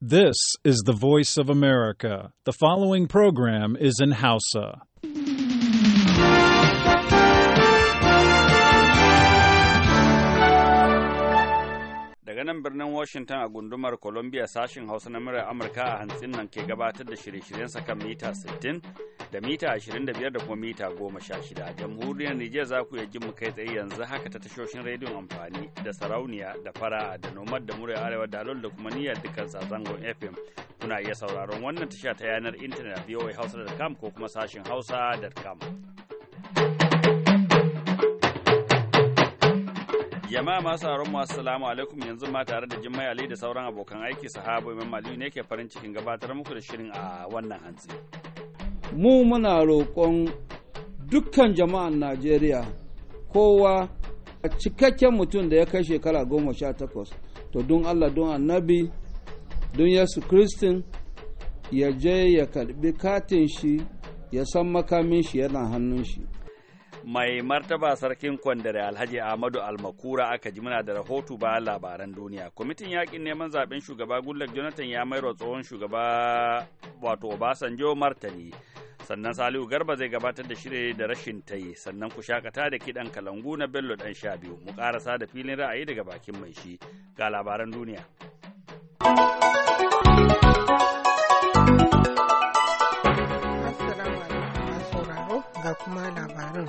This is the voice of America. The following program is in Hausa. Daga nan birnin Washington a gundumar Columbia sashin Hausa na murar Amurka a hantsin nan ke gabatar da shirye-shiryensa kan mita 60 da mita 25 da kuma mita 16 a jamhuriyar Nijar za ku iya jin mu kai tsaye yanzu haka ta tashoshin rediyon amfani da sarauniya da fara da nomad da murya arewa da alol da kuma niyyar dukkan sazangon FM kuna iya sauraron wannan tasha ta yanar intanet Dar-kam ko kuma sashin hausa.com Jama'a masu sauraron masu salamu alaikum yanzu ma tare da Jummai Ali da sauran abokan aiki sahabo Imam Aliyu ne ke farin cikin gabatar muku da shirin a wannan hantsi. mu muna roƙon dukkan jama'an najeriya kowa a cikakken mutum da ya kai shekara goma sha takwas to don allah don annabi don yesu kristin ya je ya karbi katin shi ya san makamin shi yana hannun shi mai martaba sarkin kwandare alhaji ahmadu almakura aka ji muna da rahoto ba labaran duniya kwamitin yakin neman zaben shugaba gullak jonathan ya mai tsohon shugaba wato obasanjo martani sannan Salihu Garba zai gabatar da shirye da rashin tayi sannan ku shakata da kiɗan kalangu na Bello ɗan sha biyu mu ƙarasa da filin ra'ayi daga bakin mai shi ga labaran duniya. ga kuma labarin.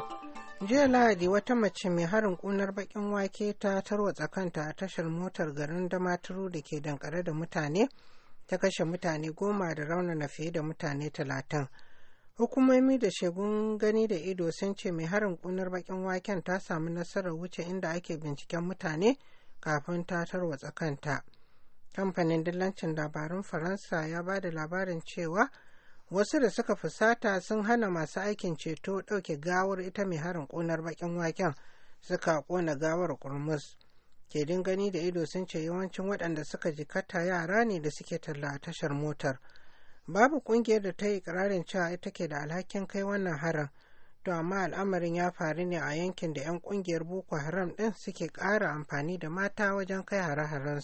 Jiya Lahadi wata mace mai harin kunar bakin wake ta tarwatsa kanta a tashar motar garin Damaturu da ke dankare da mutane ta kashe mutane goma da raunana fiye da mutane talatin. hukumomi da shegun gani da ido sun ce mai harin kunar bakin waken ta samu nasarar wuce inda ake binciken mutane kafin ta tarwatsa kanta kamfanin dillancin labarun faransa ya ba da labarin cewa wasu da suka fusata sun hana masu aikin ceto ɗauke gawar ita mai harin kunar bakin waken suka kona gawar kurmus kedin gani da ido sun ce yawancin waɗanda suka jikata yara ne da suke talla a tashar motar babu kungiyar da ta yi ikirarin cewa ita ke da alhakin kai wannan harin to amma al'amarin ya faru ne a yankin da 'yan kungiyar boko haram ɗin suke ƙara amfani da mata wajen kai hare-haren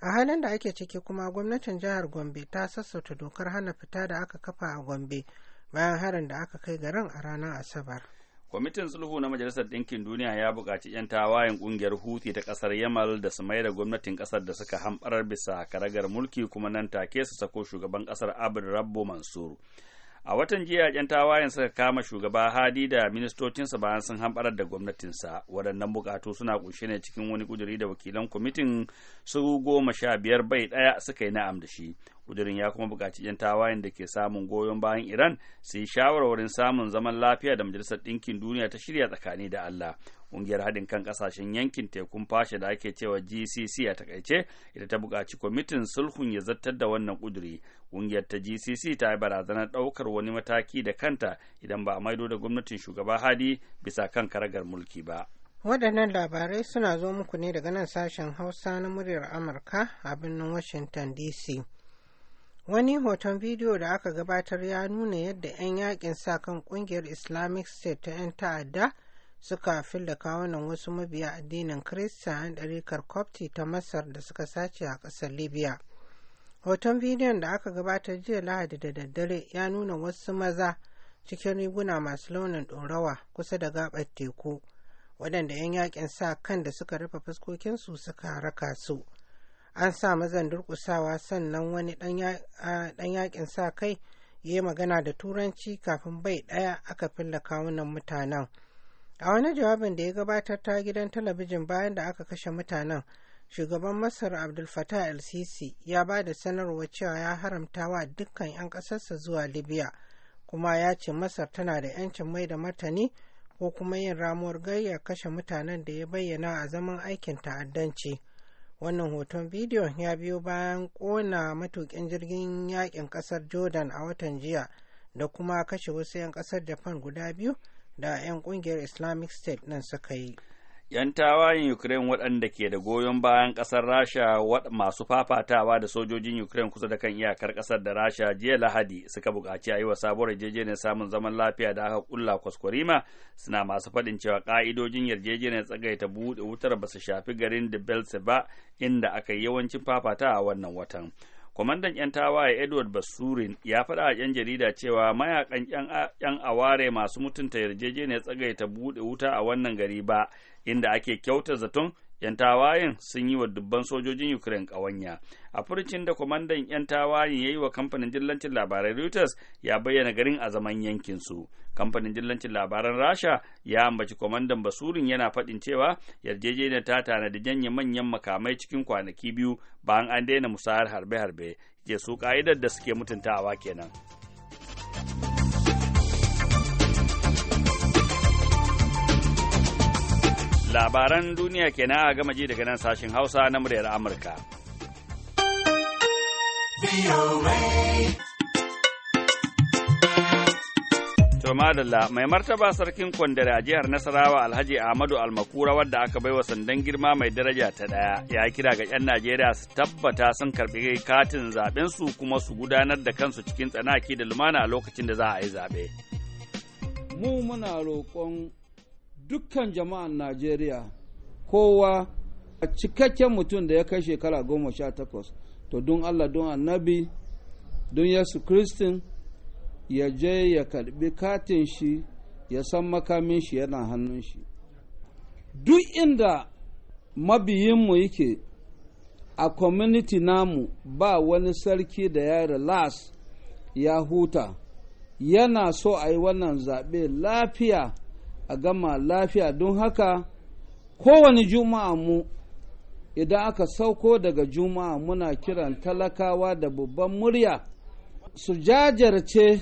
a halin da ake ciki kuma gwamnatin jihar gombe ta sassauta dokar hana fita da aka kafa a gombe bayan harin da aka kai garin a ranar asabar Kwamitin sulhu na Majalisar Ɗinkin Duniya ya buƙaci 'yan tawayen ƙungiyar huti ta ƙasar Yamal da su da gwamnatin ƙasar da suka hamɓarar bisa karagar mulki kuma nan take su sako shugaban ƙasar Abd Rabbo Mansur. a watan jiya yan tawayen suka kama shugaba hadi da ministocinsa bayan sun hamɓarar da gwamnatinsa waɗannan bukatu suna kunshe ne cikin wani kuduri da wakilan kwamitin su goma sha biyar bai ɗaya suka yi na'am da shi kudirin ya kuma bukaci yan tawayen da ke samun goyon bayan iran su yi shawarwarin samun zaman lafiya da majalisar ɗinkin duniya ta shirya tsakani da allah Ƙungiyar haɗin kan ƙasashen yankin tekun fasha da ake cewa GCC a takaice ita ta buƙaci kwamitin sulhun ya zartar da wannan ƙuduri. Ƙungiyar ta GCC ta yi barazanar ɗaukar wani mataki da kanta idan ba a maido da gwamnatin shugaba Hadi bisa kan karagar mulki ba. Waɗannan labarai suna zo muku ne daga nan sashen Hausa na muryar Amurka a birnin Washington DC. Wani hoton bidiyo da aka gabatar ya nuna yadda 'yan yakin sa kan kungiyar Islamic State ta 'yan ta'adda suka filla kawunan wasu mabiya addinin Kirista a ɗarikar kwafti ta Masar da suka sace a ƙasar Libya. Hoton bidiyon da aka gabatar jiya Lahadi da daddare ya nuna wasu maza cikin riguna masu launin ɗorawa kusa da gaɓar teku, waɗanda 'yan yakin sa kan da suka rufe fuskokinsu suka raka su. An sa mazan durƙusawa sannan wani ɗan yakin sa kai ya yi magana da Turanci kafin bai ɗaya aka filla kawunan mutanen. a wani jawabin da ya gabatar ta gidan talabijin bayan da aka kashe mutanen shugaban masar abdul fatah el sisi ya ba da sanarwa cewa ya haramta wa dukkan 'yan ƙasarsa zuwa libya kuma ya ce masar tana da 'yancin mai da martani ko kuma yin ramuwar gayya kashe mutanen da ya bayyana a zaman aikin ta'addanci wannan hoton bidiyon ya biyo bayan kona matukin jirgin yakin kasar jordan a watan jiya da kuma kashe wasu 'yan kasar japan guda biyu da 'yan kungiyar islamic state nan suka yi 'yan tawayen ukraine waɗanda ke da goyon bayan ƙasar rasha masu fafatawa da sojojin ukraine kusa da kan iyakar ƙasar da rasha jiya lahadi suka buƙaci a yi wa sabuwar yarjejeniyar samun zaman lafiya da aka kulla kwaskwarima suna masu faɗin cewa ƙa'idojin yarjejeniyar tsagaita buɗe wutar ba su shafi garin da belse ba inda aka yi yawancin fafatawa wannan watan kwamandan 'yan tawaye edward basurin ya faɗa a 'yan jarida cewa mayakan 'yan aware masu mutunta yarjejeniyar tsagaita buɗe wuta a wannan gari ba inda ake kyauta zaton 'yan tawayen sun yi wa dubban sojojin ukraine ƙawanya a furcin da kwamandan 'yan tawayen ya yi wa kamfanin jillancin labaran reuters ya bayyana garin a zaman yankinsu kamfanin jillancin labaran rasha ya ambaci kwamandan basurin yana faɗin cewa yarjejeniyar ta tanadi janye manyan makamai cikin kwanaki biyu bayan an daina musayar harbe-harbe ke su ka'idar da suke mutuntawa kenan. labaran duniya kenan a gama ji daga nan sashen hausa na muryar amurka To madalla mai martaba sarkin kwandare a jihar Nasarawa Alhaji Ahmadu Almakura wadda aka bai wa sandan girma mai daraja ta daya ya kira ga 'yan Najeriya su tabbata sun karbi katin zaben su kuma su gudanar da kansu cikin tsanaki da lumana a lokacin da za a yi zabe. Mu muna roƙon dukkan jama'an najeriya kowa a cikakken mutum da ya kai shekara goma sha takwas to don allah don annabi don yesu kristin ya je ya karbi katin shi ya san makamin shi yana hannun shi duk inda mabiyinmu yake a community namu ba wani sarki da ya relax ya huta yana so a yi wannan zaɓe lafiya a gama lafiya don haka kowane juma'a mu idan aka sauko daga juma'a muna kiran talakawa da babban murya su jajarce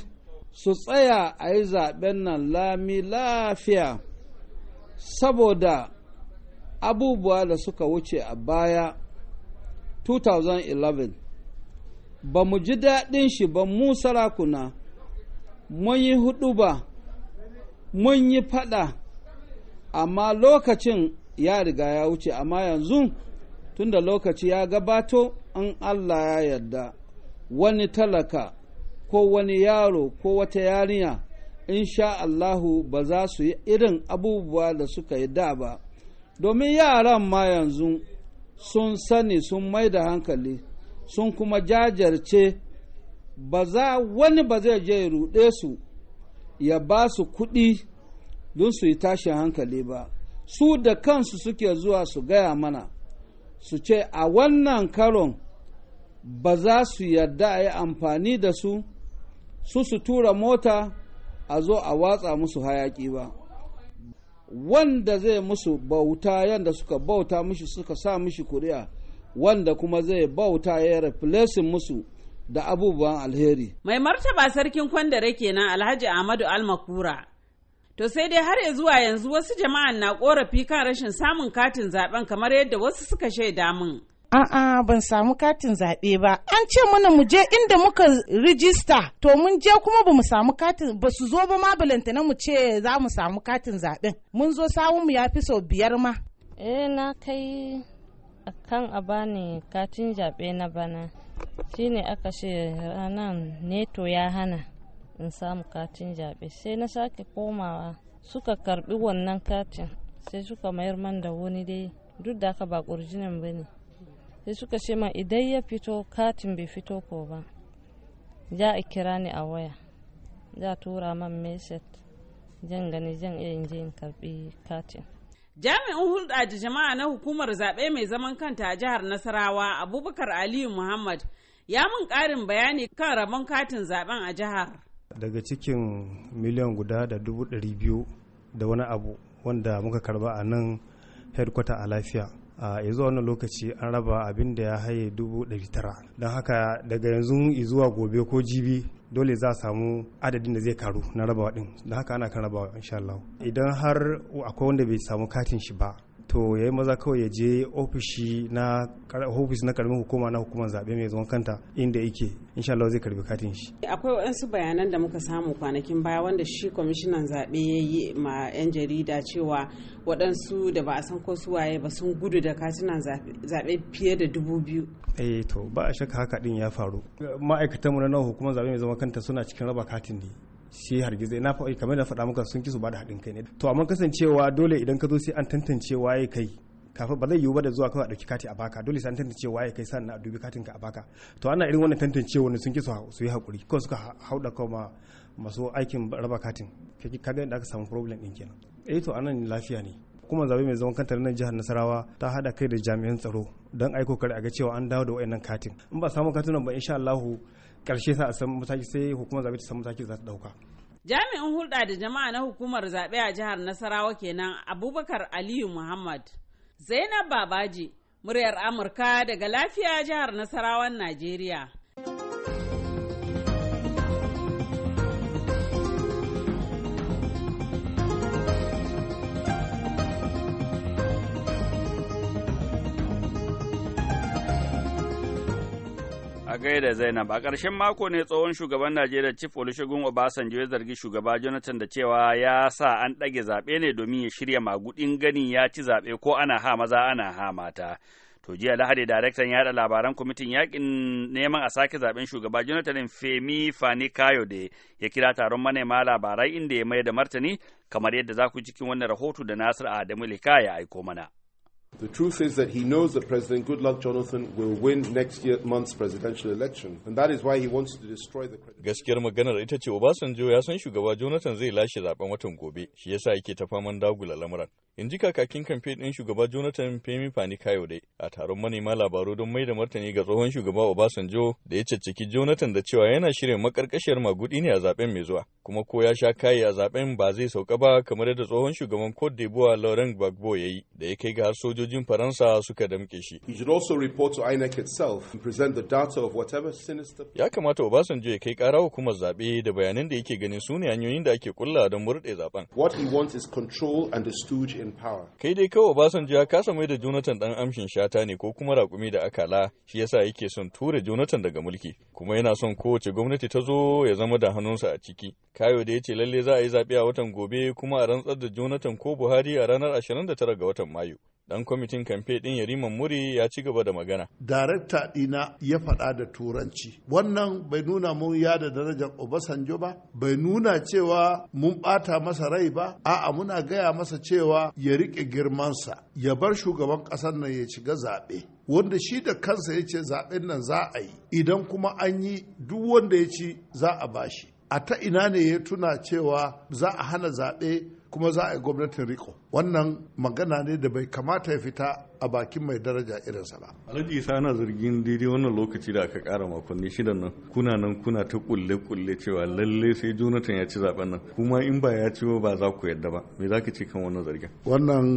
su tsaya a yi zaben nan lami lafiya saboda abubuwa da suka wuce a baya 2011 ba mu ji daɗin shi ba mu sarakuna mun yi hudu ba mun yi faɗa amma lokacin ya riga ya wuce amma yanzu tunda lokaci ya gabato in Allah ya yarda wani talaka ko wani yaro ko wata yarinya sha Allahu ba za su yi irin abubuwa da suka yi da ba domin yaran ma yanzu sun sani sun mai da hankali sun kuma jajarce ba za wani ba zai je ya ruɗe su ya ba su kuɗi don su yi tashin hankali ba su da kansu suke zuwa su gaya mana su ce a wannan karon ba za su yarda a yi amfani da su su su tura mota a zo a watsa musu hayaki ba wanda zai musu bauta yadda suka bauta mishi suka sa mishi kuri'a wanda kuma zai bauta ya replacing musu da abubuwan alheri. Mai martaba sarkin kwandare kenan Alhaji Ahmadu Almakura. To sai dai har ya zuwa yanzu wasu jama'an na korafi kan rashin samun katin zaben kamar yadda wasu suka shaida min. A'a ban samu katin zaɓe ba. An ce mana mu je inda muka rijista to mun je kuma ba mu samu katin ba su zo ba ma balantana mu ce za mu samu katin zaɓen. Mun zo sawun mu ya fi sau biyar ma. Eh na kai akan a bani katin zaɓe na bana. Shi ne aka ce ranar neto ya hana in samu katin zaɓe sai na sake komawa suka karbi wannan katin sai suka mayar man da wani dai duk da aka ba ƙurjinin ba ne sai suka ce ma idan ya fito katin bai fito ko ba za a kira ni a waya za tura man meset jan gani jan iya in je in karbi katin Jami'in hulɗa da jama'a na hukumar zaɓe mai zaman kanta a jihar Nasarawa Abubakar Aliyu Muhammad ya mun ƙarin bayani kan rabon katin zaben a jihar. Daga cikin miliyan guda da dubu ɗari biyu da wani abu wanda muka karba a nan headquarter a lafiya. a ya wannan lokaci an raba abin da ya haye dubu ɗari tara don haka daga yanzu zuwa gobe ko jibi dole za a samu adadin da zai karu na rabawa din da haka ana kan rabawa insha Allah idan har akwai wanda bai samu katin shi ba to ya yi maza kawai ya je ofishi na ofis na karamin hukuma na hukumar zaɓe mai zuwan kanta inda yake insha Allah zai karbi katin shi akwai waɗansu bayanan da muka samu kwanakin baya wanda shi kwamishinan zaɓe ya yi ma 'yan jarida cewa waɗansu da ba a san ko su waye ba sun gudu da katinan zaɓe fiye da dubu biyu eh to ba a shakka haka din ya faru ma'aikatanmu na hukumar zaɓe mai zaman kanta suna cikin raba katin ne shi hargitse na faɗi kamar da faɗa maka sun ki su da haɗin kai ne to amma kasancewa dole idan ka zo sai an tantance waye kai kafin ba zai yiwu ba da zuwa kawai a ɗauki kati a baka dole sai an tantance waye kai sannan a dubi katin ka a baka to ana irin wannan tantancewa wani sun ki su yi haƙuri ko suka hauɗa kawai masu aikin raba katin kaga da aka samu problem ɗin kenan eh to anan lafiya ne hukumar zabe mai zaman kanta na jihar Nasarawa ta hada kai da jami'an tsaro don aiko kare a ga cewa an dawo da wayannan katin in ba samu katin ba insha allahu karshe sa a san mataki sai hukumar zabe ta san mataki za ta dauka jami'in hulɗa da jama'a na hukumar zaɓe a jihar nasarawa kenan abubakar aliyu muhammad zainab babaji muryar amurka daga lafiya jihar nasarawan najeriya da Zainab, a ƙarshen mako ne tsohon shugaban Najeriya Chief Olusegun Obasanjo ya zargi shugaba Jonathan da cewa ya sa an ɗage zaɓe ne domin ya shirya magudin gani ya ci zaɓe ko ana ha maza ana ha mata. To jiya Lahadi daraktan yaɗa labaran kwamitin yakin neman a sake zaɓen shugaba Jonathan Femi Fani da ya kira taron manema labarai inda ya mai da martani kamar yadda za ku cikin wannan rahoto da Nasir Adamu Lika ya aiko mana. The truth is that he knows that President Goodluck Jonathan will win next year, month's presidential election, and that is why he wants to destroy the Gaskiyar maganar ita ce Obasanjo ya san shugaba Jonathan zai lashe zaben watan gobe, shi yasa yake ta faman dagula lamuran. In ji kakakin kamfe ɗin shugaba Jonathan Femi Fani Kayode a taron manema labaru don mai da martani ga tsohon shugaba Obasanjo da ya caccaki Jonathan da cewa yana shirin makarkashiyar magudi ne a zaben mai zuwa, kuma ko ya sha kayi a zaben ba zai sauka ba kamar yadda tsohon shugaban Cote d'Ivoire Laurent Gbagbo ya yi da ya kai ga har sojoji sojojin Faransa suka damke shi. Ya kamata Obasanjo ya kai ƙara hukumar zaɓe da bayanan da yake ganin su ne hanyoyin da ake kulla don murɗe zaɓen. What he wants is control and in power. Kai dai kawai Obasanjo ya kasa mai da Jonathan ɗan amshin shata ne ko kuma raƙumi da akala shi yasa yake son ture Jonathan daga mulki kuma yana son kowace gwamnati ta zo ya zama da hannunsa a ciki. Kayo da ya ce lalle za a yi zaɓe a watan gobe kuma a rantsar da Jonathan ko Buhari a ranar 29 ga watan Mayu. dan kwamitin kamfe din yariman muri ya ci gaba da magana darakta dina ya faɗa da turanci wannan bai nuna mun ya da darajar obasanjo ba bai nuna cewa mun ɓata masa rai ba a'a muna gaya masa cewa ya riƙe girmansa ya bar shugaban ƙasar nan ya shiga zaɓe wanda shi da kansa ya ce zaɓen nan za a yi idan kuma an yi duk wanda ya ci za a bashi a ta ina ne ya tuna cewa za a hana zaɓe kuma za a yi gwamnatin riko wannan magana ne da bai kamata ya fita a bakin mai daraja irinsa ba. Alhaji Isa ana zargin daidai wannan lokaci da aka kara makonni shida nan kuna nan kuna ta kulle kulle cewa lalle sai Jonathan ya ci zaben nan kuma in ba ya ci ba za ku yadda ba me za ka ce kan wannan zargin. Wannan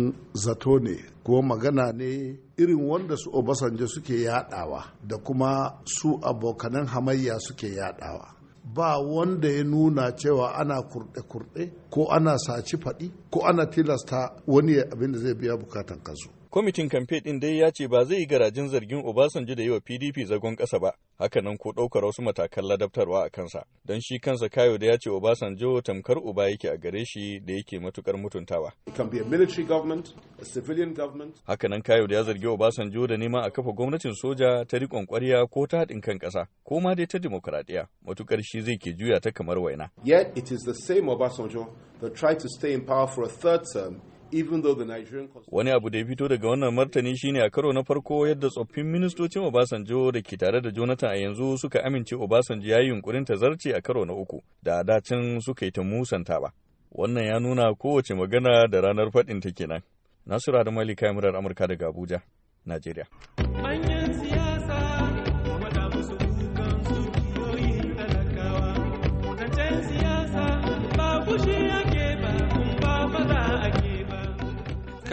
zato ne ko magana ne irin wanda su Obasanjo suke yaɗawa da kuma su abokanan hamayya suke yaɗawa. ba wanda ya nuna cewa ana kurɗe-kurɗe ko ana saci faɗi ko ana tilasta wani abin da zai biya bukatan kansu Kwamitin kamfe ɗin dai ya ce ba zai yi garajin zargin Obasanjo da yi wa PDP zagon ƙasa ba, hakanan ko ɗaukar wasu matakan ladabtarwa a kansa. Don shi kansa kayo da ya ce Obasanjo tamkar uba yake a gare shi da yake matukar mutuntawa. Hakanan kayo da ya zargi Obasanjo da nema a kafa gwamnatin soja ta riƙon ƙwarya ko ta haɗin kan ƙasa, ko ma dai ta dimokuraɗiyya, matukar shi zai ke juya ta kamar waina. Yet it is the same Obasanjo that tried to stay in power for a third term Wani abu da ya fito daga wannan martani shine a karo na farko yadda tsoffin ministocin Obasanjo da ke tare da Jonathan a yanzu suka amince Obasanjo ya yi yunkurin ta zarce a karo na uku da dacin suka yi ta musanta ba. Wannan ya nuna kowace magana da ranar faɗin ta kenan. Nasura da Malika Amurka daga Abuja, Najeriya.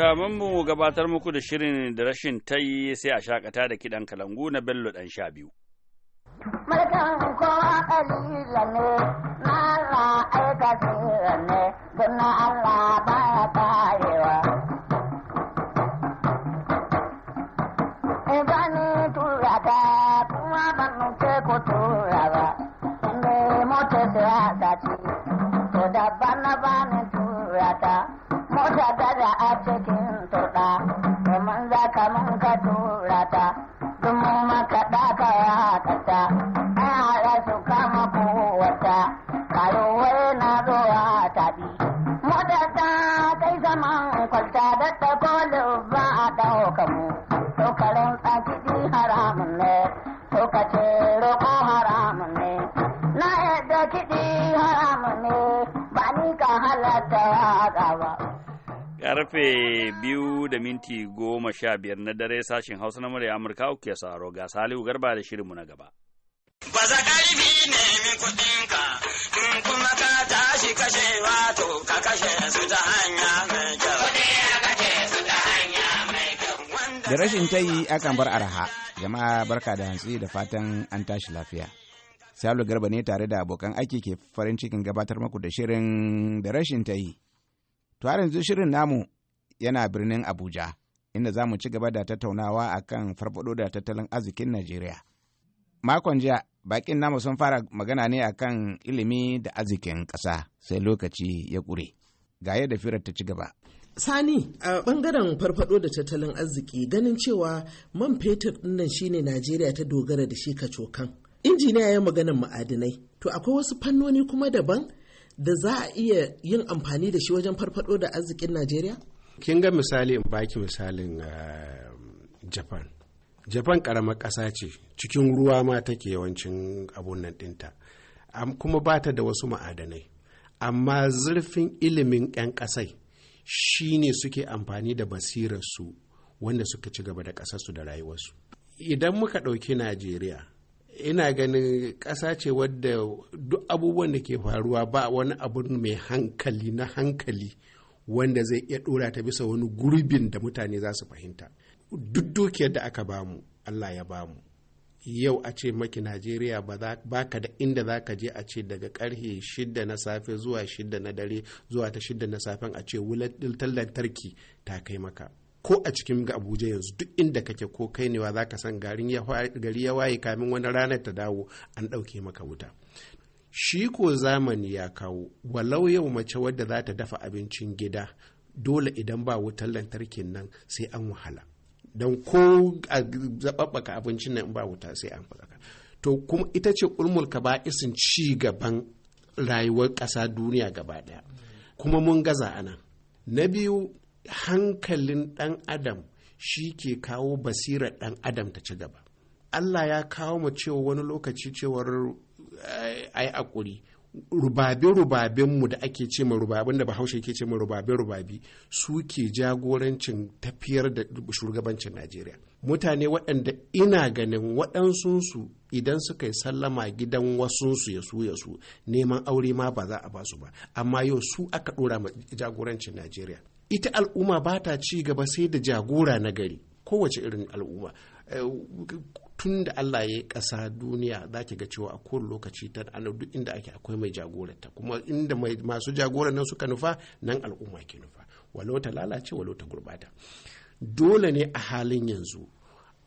kamin mu gabatar muku da shirin da rashin ta yi sai a shakata da kiɗan kalangu na Bello ɗan sha biyu. Mulkin kowa ƙalila ne, na Allah aika ne, don Allah baya karewa. Ibani tura ta kuma ban ce ko tura ba, inda mota siyasa ce, to da bana bani tura ta. mota tana a cikin turɗa domin za ka mun ka tura ta duk mun maka ɗaka ya haƙata karfe biyu da minti goma sha biyar na dare sashen hausa na murya amurka uke saro ga salihu garba da shirinmu na gaba baza karfi ne min in kuma ka tashi kashe wato ka kashe su ta hanya mai kyau da rashin tayi akan bar araha jama'a barka da hantsi da fatan an tashi lafiya Salo Garba ne tare da abokan aiki ke farin cikin gabatar muku da shirin da rashin ta yi. To har yanzu shirin namu yana birnin Abuja, inda za mu ci gaba da tattaunawa a kan farfaɗo da tattalin arzikin Najeriya. Makon jiya, bakin namu sun fara magana ne a kan ilimi da arzikin ƙasa sai lokaci ya ƙure. Ga yadda firar ta ci gaba. Sani a bangaren farfado da tattalin arziki ganin cewa man fetur ɗinnan shine Najeriya ta dogara da shi kacokan. Injiniya ya maganan ma'adinai, to akwai wasu fannoni kuma daban da za a iya yin amfani da shi wajen farfado da arzikin Najeriya? kin ga misali in baki misalin eh, japan japan karamar ƙasa ce cikin ruwa ma take yawancin abun nan ɗinta kuma ba ta da wasu ma'adanai amma zurfin ilimin 'yan ƙasai shi ne suke amfani da basirarsu wanda suka ci gaba da ƙasarsu da rayuwarsu idan muka ɗauki najeriya ina ganin ƙasa ce wadda duk abubuwan da ke faruwa ba wani abu mai hankali na hankali wanda zai iya ɗora ta bisa wani gurbin da mutane za su fahimta duk dukiyar da aka bamu allah ya bamu yau a ce maki najeriya ba ka da inda za ka je a ce daga karhe shida na safe zuwa shida na dare zuwa ta shida na safen a ce wulatar lantarki ta kai maka ko a cikin ga abuja yanzu duk inda kake ko kai newa za ka san gari ya waye kamin wani ranar ta dawo an ɗauke maka wuta shi ko zamani ya kawo walau yau mace wadda za ta dafa abincin gida dole idan ba wutar lantarkin nan sai an wahala don ko a zaɓaɓɓaka abincin nan ba wuta sai an faɗaka to kuma ita ce ulmul isin ci gaban rayuwar ƙasa duniya gaba ɗaya kuma mun gaza ana na biyu hankalin ɗan adam shi ke kawo basirar ɗan adam ta ci gaba Allah ya kawo mu cewa wani lokaci cewar a yi akuri rubabe-rubabenmu da ake ce ma rubabin da bahaushe ke ce ma rubabe rubabi su ke jagorancin tafiyar da shugabancin najeriya mutane waɗanda ina ganin waɗansunsu idan suka yi sallama gidan wasunsu ya su ya su neman aure ma ba za a basu ba amma yau su aka ɗora ma jagorancin najeriya ita al'umma ba ta ci gaba sai da jagora na gari kowace irin al'umma eh, tun da Allah ya yi ƙasa duniya za ki ga cewa a kowane lokaci ta ana duk inda ake akwai mai jagoranta kuma inda masu jagoran nan suka nufa nan al'umma ke nufa walau ta lalace walau ta gurbata dole ne a halin yanzu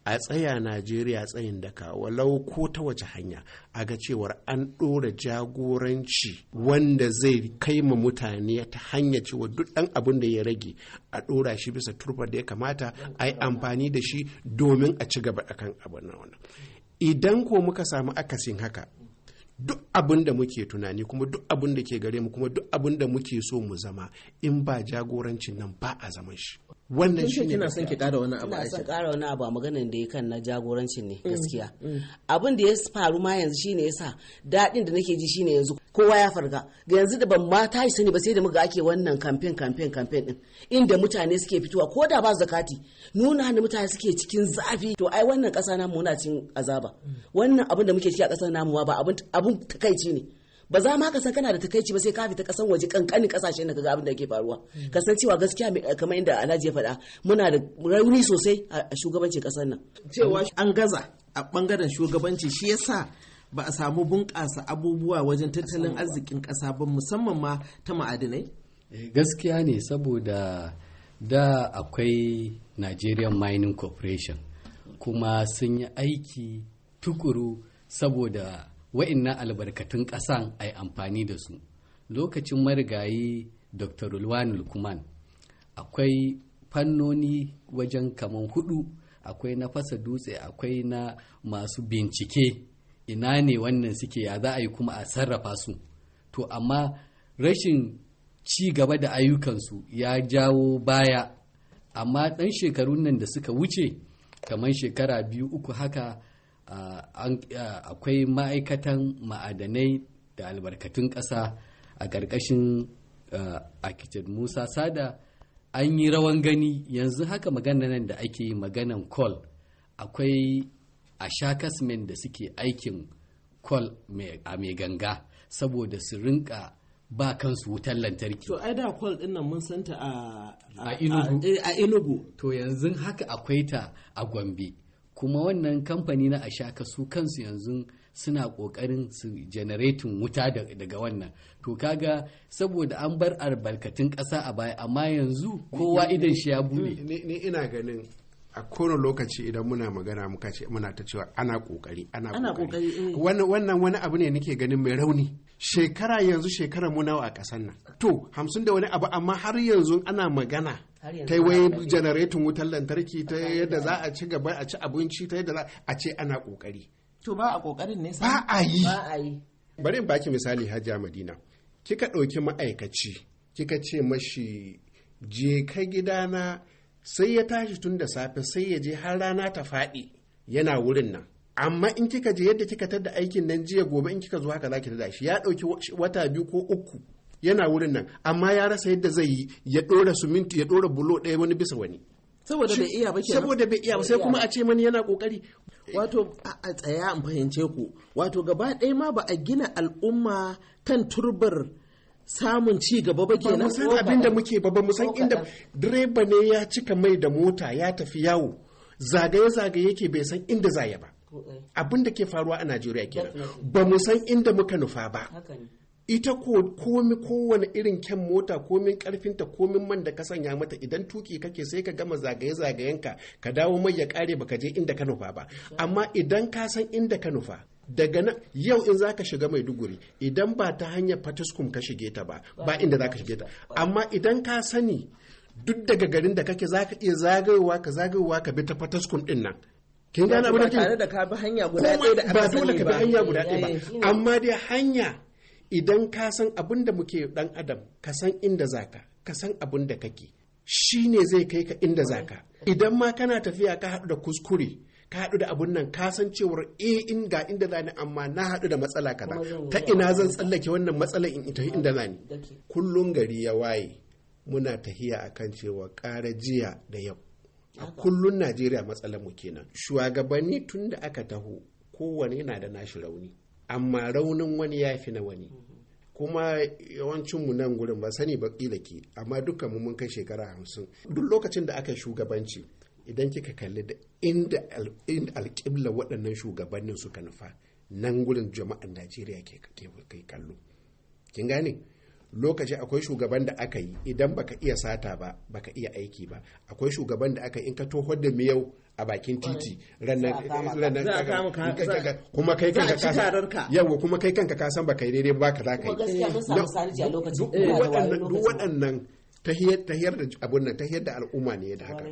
a tsaya najeriya tsayin daka walau ko ta wace hanya a ga cewar an ɗora jagoranci wanda zai kai ma mutane ta hanya cewa duk ɗan abin da ya rage a ɗora shi bisa turbar da ya kamata a yi amfani da shi domin a ci gaba akan abin wannan idan ko muka samu akasin haka duk abin da muke tunani kuma duk abin da ke gare mu kuma duk abin da muke so mu zama in ba jagorancin nan ba a zaman shi wannan shi ne son ki kara wani abu aisha kara wani abu maganin da ya kan na jagorancin ne mm, gaskiya mm. abin da ya faru ma yanzu shine yasa daɗin da nake ji shine yanzu kowa ya farga ga yanzu da ban ma tashi sani ba sai da muka ake wannan campaign campaign campaign din inda mutane suke fitowa ko da ba zakati nuna da mutane suke cikin zafi to ai wannan kasa namu muna cikin azaba mm. wannan abin da muke ciki a kasar namu ba abin abin takaici ne ba za ma ka kana da takaici ba sai ka fita kasan waje kankanin kasashen da kaga abin da ke faruwa ka san cewa gaskiya kamar inda Alhaji ya faɗa muna da rauni sosai a shugabancin kasar nan cewa an gaza a bangaren shugabanci shi yasa ba a samu bunƙasa abubuwa wajen tattalin arzikin ƙasa ba musamman ma ta ma'adinai eh, gaskiya ne saboda da akwai Nigerian Mining Corporation kuma sun yi aiki tukuru saboda wa'innan albarkatun ƙasan a amfani da su lokacin marigayi dr Rulwani lukman akwai fannoni wajen kaman hudu akwai na fasa dutse akwai na masu bincike ina ne wannan suke ya za a yi kuma a sarrafa su to amma rashin ci gaba da ayyukansu ya jawo baya amma ɗan shekarun nan da suka wuce kamar shekara biyu uku haka akwai ma'aikatan ma'adanai da albarkatun ƙasa a ƙarƙashin architect musa sada an yi rawan gani yanzu haka magana nan da ake yi maganan kol akwai a da suke aikin kol a mai ganga saboda su rinka ba kansu wutar lantarki. To ai da kol din nan mun santa a A inugu. To yanzu haka akwai ta a Gombe. kuma wannan kamfani na ashaka su kansu yanzu suna kokarin su generatin wuta daga wannan to kaga saboda an bar albarkatun ƙasa a baya amma yanzu kowa idan shi ya bude ni ina ganin a kowane lokaci idan muna magana muka ce muna ta cewa ana kokari ana kokari eh. wannan wani abu ne nake ganin mai rauni shekara yanzu shekara mu nawa a ƙasar nan to hamsin da wani abu amma har yanzu ana magana ta wai janaretin wutar lantarki ta yadda za a ci gaba a ci abinci ta yadda za a ce ana kokari to ba a kokarin ne ba a yi bari in baki misali hajja madina kika ɗauki ma'aikaci kika ce mashi je ka gidana sai ya tashi tun da safe sai ya je har rana ta faɗi yana wurin nan amma in kika je yadda kika tadda aikin nan jiya gobe in kika zo haka ki tada shi ya ɗauki wata biyu ko uku yana wurin nan amma ya rasa yadda zai yi ya ɗora suminti ya ɗora bulo ɗaya wani bisa wani saboda bai iya ba saboda bai iya ba sai kuma a ce mani yana kokari wato a tsaya an fahimce ku wato gaba ɗaya ma ba a gina al'umma kan turbar samun ci gaba ba kenan ba san abin da muke ba mu san inda direba ne ya cika mai da mota ya tafi yawo zagaye zagaye yake bai san inda ya ba abin da ke faruwa a Najeriya kenan ba mu san inda muka nufa ba ita ko komi kowane irin kyan mota komin karfinta komin man da ka sanya mata idan tuki kake sai ka gama zagaye zagayenka ka dawo mai ya kare baka je inda ka nufa ba amma idan ka san inda ka nufa daga nan yau in za ka shiga maiduguri idan ba ta hanyar fatiskum ka shige ta ba ba inda za ka shige ta amma idan ka sani duk daga garin da kake za ka iya zagayowa ka zagayowa ka bi ta fatiskum din nan kin gane abin da ke ba dole ka bi hanya guda ɗaya ba amma dai hanya idan ka san abin da muke dan adam ka san inda zaka ka san abin da kake shi ne zai kai ka inda zaka idan ma kana tafiya ka haɗu da kuskure ka haɗu da abun nan ka san cewar e in ga inda zani amma na haɗu da matsala kaza ta ina zan tsallake wannan matsala in ita inda zani kullum gari ya waye muna tahiya akan cewa ƙara jiya da yau a kullun najeriya matsalar mu kenan shugabanni tun da aka taho kowane yana da nashi rauni amma raunin wani ya fi na wani kuma yawancinmu nan gurin ba sani ba kila ke amma dukkan mu mun kai shekara hamsin duk lokacin da aka shugabanci idan kika kalli da inda alƙibla waɗannan shugabannin suka nufa nan gurin jama'an najeriya ke kai kallo kin gane lokaci akwai shugaban da aka yi idan baka iya sata ba baka iya aiki ba akwai shugaban da aka yi in ka toho da miyau a bakin titi ranar kuma kai kanka ka kuma kai kanka ka san baka yi daidai ba ka za ka yi duk waɗannan tahiyar da abun nan tahiyar da al'umma ne da haka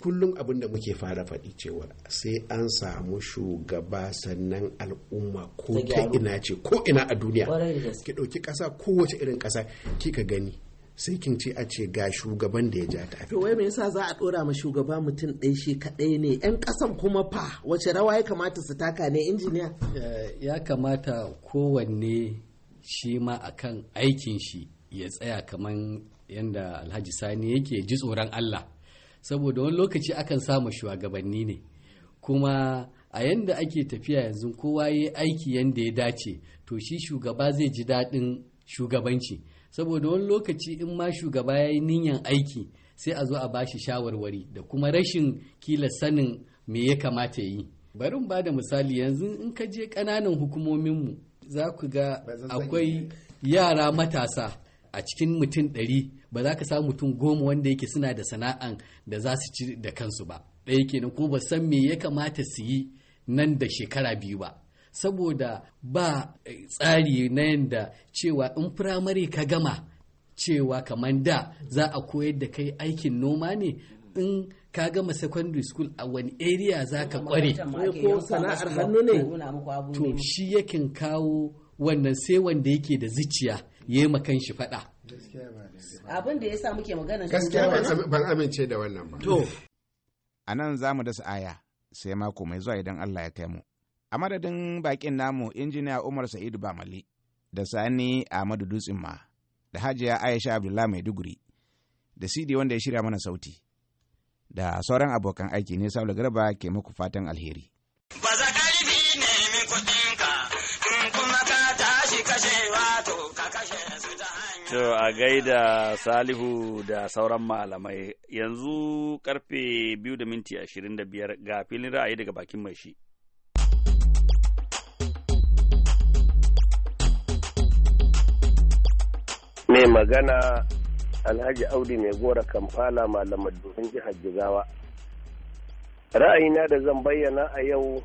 kullum abin da muke fara faɗi cewa sai an samu shugaba sannan al'umma ko ta ina ce ko ina a duniya ki ɗauki ƙasa kowace irin ƙasa kika gani sai kin ce a ce ga shugaban da ya ja ta to wai me yasa za a dora ma shugaba mutum ɗaya shi kaɗai ne yan ƙasan kuma fa wace rawa ya kamata su taka ne injiniya eh, ya kamata kowanne shi ma akan aikin shi ya tsaya kamar yadda alhaji sani yake ji tsoron allah saboda wani lokaci akan samu shugabanni ne kuma a yanda ake tafiya yanzu kowa ya aiki yanda ya dace to shi shugaba zai ji daɗin shugabanci saboda wani lokaci in ma shugaba ya yi niyan aiki sai a zo a bashi shawarwari da kuma rashin kila sanin me ya kamata yi bari ba da misali yanzu in ka je ƙananan hukumominmu za ku ga akwai yara matasa a cikin mutum ɗari ba za ka samu mutum goma wanda yake suna da sana'an da za su ci da kansu ba ɗaya kenan ko ba san me ya kamata su yi nan da shekara biyu ba saboda ba eh, tsari na yadda cewa in firamare ka gama cewa kamar da za a koyar da kai aikin noma ne in ka gama secondary school a wani area za ka kware ko sana'ar hannu to shi yakin kawo wannan sai wanda yake da zuciya ya ma kan shi faɗa. Abin da ya sa muke magana gaskiya ban amince da wannan ba. To. A nan za mu dasa aya sai mako mai zuwa idan Allah ya kai mu. A madadin bakin namu injiniya Umar Sa'idu Bamali da Sani Ahmadu Dutsen da Hajiya Aisha Abdullah Maiduguri da CD wanda ya shirya mana sauti. Da sauran abokan aiki ne Saulu Garba ke muku fatan alheri. ƙarfi ne kuɗinka, kuma ka tashi kashewa to To a gaida Salihu da sauran malamai yanzu karfe biyu da minti ashirin da biyar ga filin ra'ayi daga bakin mai shi. Mai magana Alhaji Audu mai gora Kamfala malamar domin jihar Jigawa. Ra'ayina da zan bayyana a yau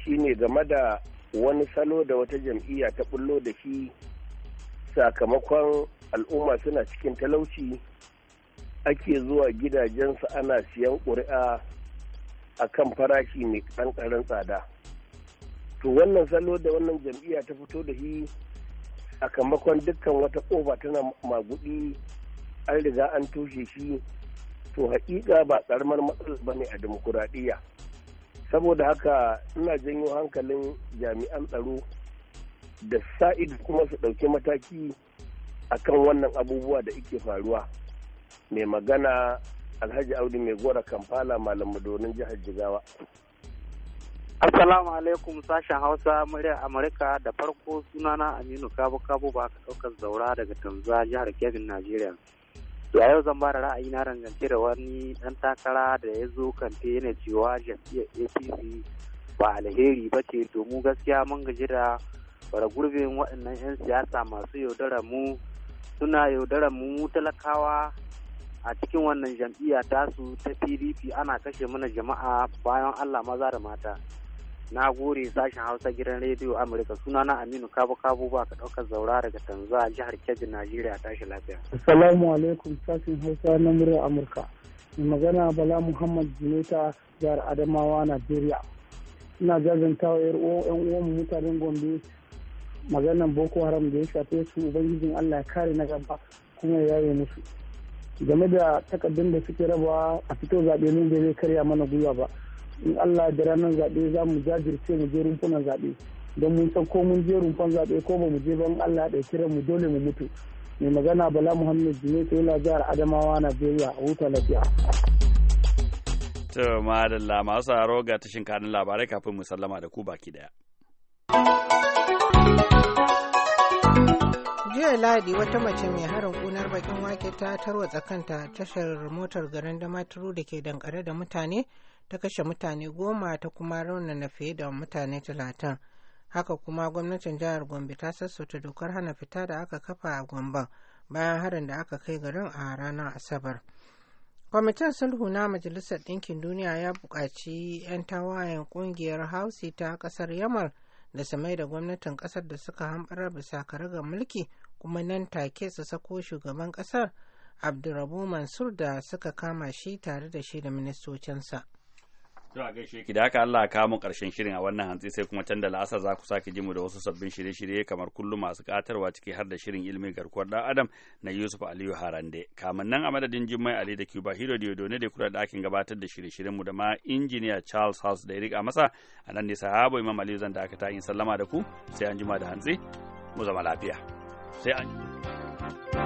shine game da wani salo da wata jam'iyya ta bullo da shi sakamakon al'umma suna cikin talauci ake zuwa gidajensu ana siyan ƙuri'a a kan farashi mai ƙanƙarin tsada to wannan salo da wannan jam'iyya ta fito da shi sakamakon dukkan wata ƙofa tana magudi an riga an toshe shi to haƙiƙa ba ƙaramar matsala ba ne a demokuraɗiyya saboda haka ina janyo hankalin jami'an tsaro da sa'id kuma su ɗauki mataki a kan wannan abubuwa da ike faruwa mai magana alhaji audu mai gora kamfala malam madonin jihar jigawa assalamu alaikum sashen hausa murya amurka da farko sunana aminu kabu kabu ba ka ɗaukar zaura daga tanza jihar kebin najeriya a yau zan ba da ra'ayi na rangance da wani ɗan takara da ya zo kante yana cewa jam'iyyar apc ba alheri ba ce domin gaskiya mun gaji da bara gurbin waɗannan 'yan siyasa masu yaudara mu suna yaudara mu talakawa a cikin wannan jam'iyya tasu ta pdp ana kashe mana jama'a bayan allah maza da mata na gore sashen hausa gidan rediyo amurka sunana aminu kabu kabu ba ka ɗaukar zaura daga tanza jihar kebbi najeriya tashi lafiya assalamu alaikum sashen hausa na murya amurka mai magana bala muhammad jimeta jihar adamawa najeriya ina jajanta wa yan uwan mutanen gombe maganan boko haram da ya shafe su ubangijin allah ya kare na gaba kuma ya yaye musu game da takardun da suke rabawa a fito zaɓe mun da zai karya mana gwiwa ba in allah da ranar zaɓe za mu jajirce mu je rumfunan zaɓe don mun san ko mun je rumfan zaɓe ko ba mu je ban allah ya ɗauki mu dole mu mutu mai magana bala muhammad jimai ta jihar adamawa najeriya a huta lafiya. to madalla masu haro ga tashin kanin labarai kafin mu sallama da ku baki daya. jiya ladi wata mace mai harin kunar bakin wake ta tarwatsa kanta tashar motar garin da damaturu da ke dankare da mutane ta kashe mutane goma ta kuma na fiye da mutane talatin haka kuma gwamnatin jihar gombe ta sassauta dokar hana fita da aka kafa a gomban bayan harin da aka kai garin a ranar asabar kwamitin sulhu na majalisar ɗinkin duniya ya buƙaci 'yan tawayen ƙungiyar hausi ta ƙasar yamal da su da gwamnatin kasar da suka hambara bisa ga mulki kuma nan take su sako shugaban kasar abdurabu mansur da suka kama shi tare da shi da ministocinsa Tura gaishe ki da haka Allah ka mu karshen shirin a wannan hantsi sai kuma can da la'asar za ku sake ji mu da wasu sabbin shirye-shirye kamar kullum masu katarwa ciki har da shirin ilmi garkuwar dan adam na Yusuf Aliyu Harande. Kamin nan a madadin Jummai Ali da Cuba Hiro Diodo ne da kula da akin gabatar da shirye-shiryen mu da ma injiniya Charles House da ya amasa masa a nan ne sahabo Imam Aliyu zan dakata in sallama da ku sai an jima da hantsi mu zama lafiya. Sai an jima.